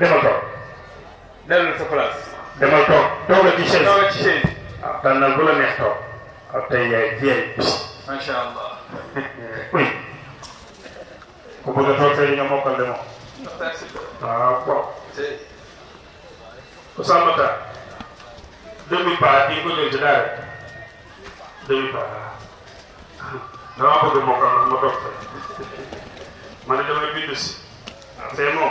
demal toog. demal toog toogal ci chaise toogal ci chaise. waaw ah. tànnal bu la neex toog. waaw tey yaay vieille. macha allah. ku bëgg a toog tey nga mokkal de moom. waaw waaw. Ousmane Makhtar. bi ko jël ci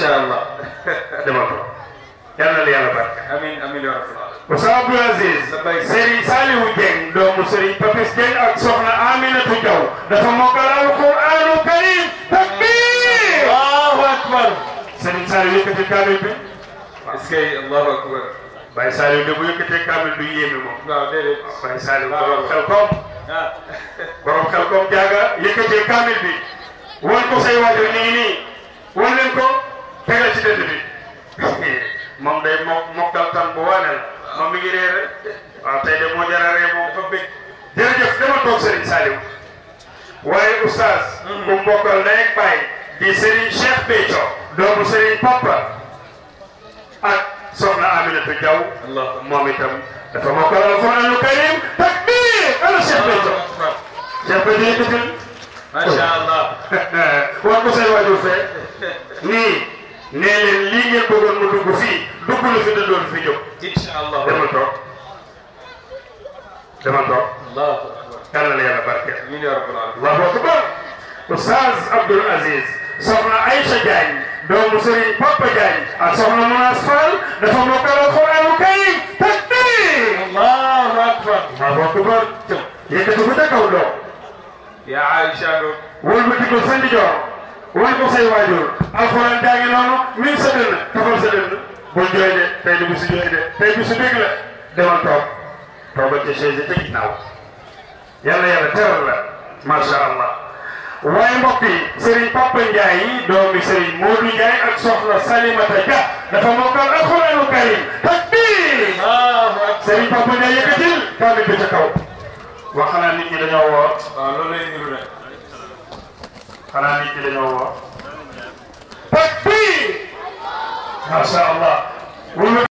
شاء الله دمك يلا لي يلا بارك امين امين يا رب العالمين وصاحب العزيز سيري سالي وجين دوم سيري بابيس جين اك سوخنا امين تجاو دا فا موكال القران الكريم تكبير الله اكبر سيري سالي وكتي كامل بي اسكي الله اكبر باي سالي وكتي كتي بي يمي مو لا ديري باي سالي وكتي خلقوم borom xel kom jaaga yëkkatee kaamil bi wan ko say waajo ñi tegal ci dënd bi moom day mo mokkal tan bu waanel moom mi ngi réer waaw tey de moo jara ree moom fa bëgg jërëjëf dama toog Serigne Saliou waaye oustaz bu mbokkal day bàyyi di Serigne Cheikh Béthio doomu Serigne Papa ak soxna Aminata Diaw moom itam dafa mokkal alquran al karim takbir ala Cheikh Béthio Cheikh Béthio yëkkatil masha Allah wax ko say waajur fee nii nee leen lii ngeen bëggoon mu dugg fii dugg na fi te doon fi jóg. incha allah demal toog demal toog. allahu akbar yàlla na yàlla barke. ñu yor allahu akbar. Oustaz Abdoul Aziz soxna Aïcha Diagne doomu Serigne Papa Diagne ak soxna Manas Fall dafa mokkal alxuraan kay takbir. allahu akbar. allahu akbar. yëkkati ko ca kaw loo. yaa Aïcha. wëlbati ko sa ndijoor. wax ko say waajur alxuraan daa ngi noonu min sa dënn tafal sa dënn bul jooy de tey du bisu jooy de tey bisu bég la demal toog toogal ca chaise ca ginnaaw yàlla yàlla teral la allah waaye mbokk yi Serigne Papa Ndiaye doomi Serigne Modou Ndiaye ak soxna Salimata Dia dafa mokkal alxuraanu karim takbir Serigne Papa Ndiaye yëkkatil kaamil bi ca kaw wax xanaa nit ñi dañoo woor waaw loolu lay niru rek xanaa nit ñi dañoo woor takbir ma sha Allah